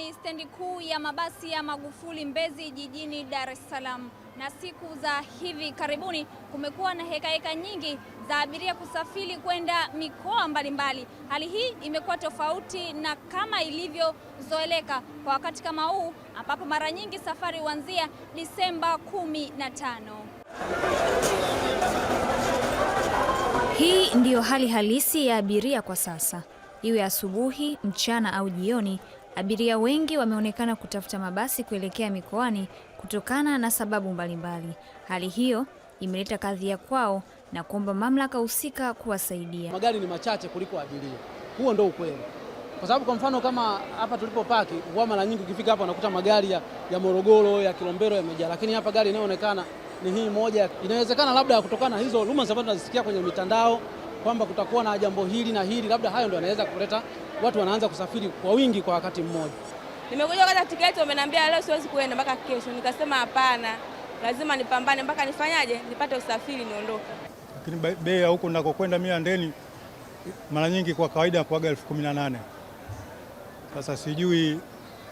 ni stendi kuu ya mabasi ya Magufuli Mbezi jijini Dar es Salaam, na siku za hivi karibuni kumekuwa na hekaheka heka nyingi za abiria kusafiri kwenda mikoa mbalimbali. Hali hii imekuwa tofauti na kama ilivyozoeleka kwa wakati kama huu ambapo mara nyingi safari huanzia Disemba kumi na tano. Hii ndiyo hali halisi ya abiria kwa sasa, iwe asubuhi, mchana au jioni. Abiria wengi wameonekana kutafuta mabasi kuelekea mikoani kutokana na sababu mbalimbali. Hali hiyo imeleta ya kwao na kuomba mamlaka husika kuwasaidia. Magari ni machache kuliko abiria, huo ndio ukweli, kwa sababu kwa mfano kama hapa tulipopaki huwa mara nyingi ukifika hapa unakuta magari ya, ya Morogoro ya Kilombero yamejaa, lakini hapa gari inayoonekana ni hii moja. Inawezekana labda kutokana na hizo luma ambazo tunazisikia kwenye mitandao kwamba kutakuwa na jambo hili na hili, labda hayo ndio yanaweza kuleta watu wanaanza kusafiri kwa wingi kwa wakati mmoja. Nimekuja kata tiketi, wameniambia leo siwezi kuenda mpaka kesho, nikasema hapana, lazima nipambane mpaka nifanyaje, nipate usafiri niondoke. Lakini bei ya huko ninakokwenda mimi ndeni mara nyingi kwa kawaida kwaga elfu kumi na nane. Sasa sijui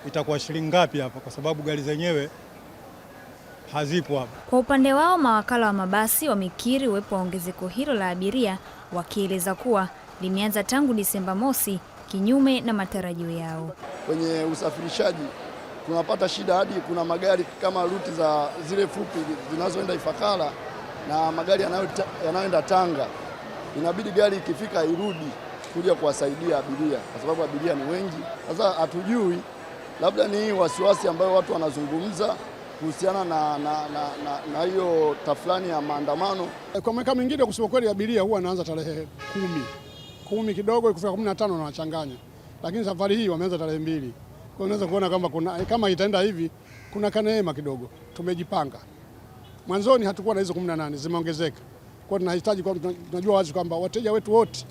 itakuwa shilingi ngapi hapa, kwa sababu gari zenyewe hazipo hapa. Kwa upande wao, mawakala wa mabasi wamekiri uwepo wa ongezeko hilo la abiria, wakieleza kuwa limeanza tangu Disemba mosi, kinyume na matarajio yao. Kwenye usafirishaji tunapata shida, hadi kuna magari kama ruti za zile fupi zinazoenda Ifakara na magari yanayoenda Tanga, inabidi gari ikifika irudi kuja kuwasaidia abiria, kwa sababu abiria ni wengi. Sasa hatujui, labda ni wasiwasi ambayo watu wanazungumza kuhusiana na hiyo tafulani ya maandamano. Kwa miaka mwingine kusema kweli, abiria huwa anaanza tarehe kumi kumi kidogo ikifika kumi na tano wanachanganya, lakini safari hii wameanza tarehe mbili. Kwa unaweza kuona kwamba kuna kama itaenda hivi, kuna kaneema kidogo. Tumejipanga, mwanzoni hatukuwa na hizo 18 nane zimeongezeka. Kwa hiyo tunahitaji, tunajua wazi kwamba wateja wetu wote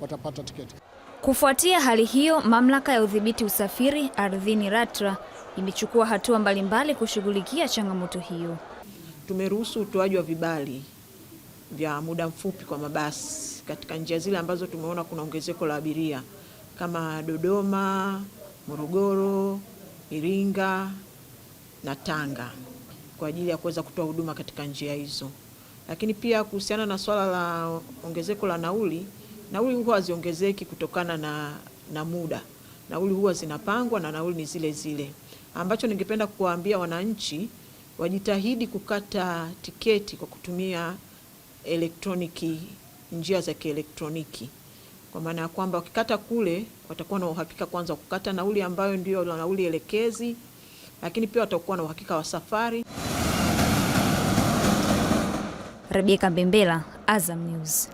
watapata tiketi. Kufuatia hali hiyo, mamlaka ya udhibiti usafiri ardhini RATRA imechukua hatua mbalimbali kushughulikia changamoto hiyo. Tumeruhusu utoaji wa vibali vya muda mfupi kwa mabasi katika njia zile ambazo tumeona kuna ongezeko la abiria kama Dodoma, Morogoro, Iringa na Tanga kwa ajili ya kuweza kutoa huduma katika njia hizo. Lakini pia kuhusiana na swala la ongezeko la nauli, nauli huwa haziongezeki kutokana na, na muda nauli huwa zinapangwa na nauli ni zile zile. Ambacho ningependa kuwaambia wananchi wajitahidi kukata tiketi kwa kutumia elektroniki, njia za kielektroniki, kwa maana ya kwamba wakikata kule watakuwa na uhakika kwanza kukata nauli ambayo na nauli elekezi, lakini pia watakuwa na uhakika wa safari. Rebeka Bembela, Azam News.